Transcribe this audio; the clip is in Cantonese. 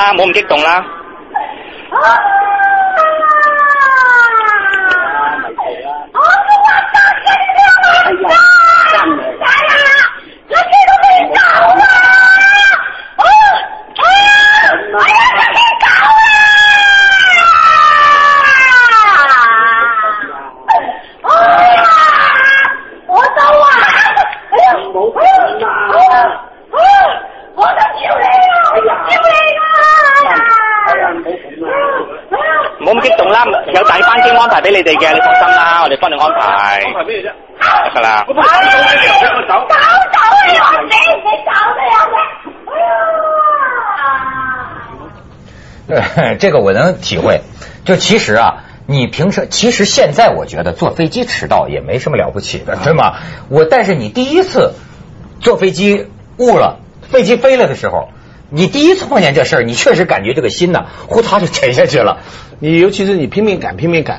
啊，冇咁激動啦。你哋嘅，你放心啦，我哋幫你安排。安排咩啫？得噶啦。我走、啊。走走你，誰死！找走了咩？哎呀、呃！這個我能體會。就其實啊，你平時其實現在我覺得坐飛機遲到也沒什麼了不起的，對嗎？我但是你第一次坐飛機誤了，飛機飛了的時候，你第一次碰見這事兒，你確實感覺這個心呐、啊、呼嚓就沉下去了。你尤其是你拼命趕，拼命趕。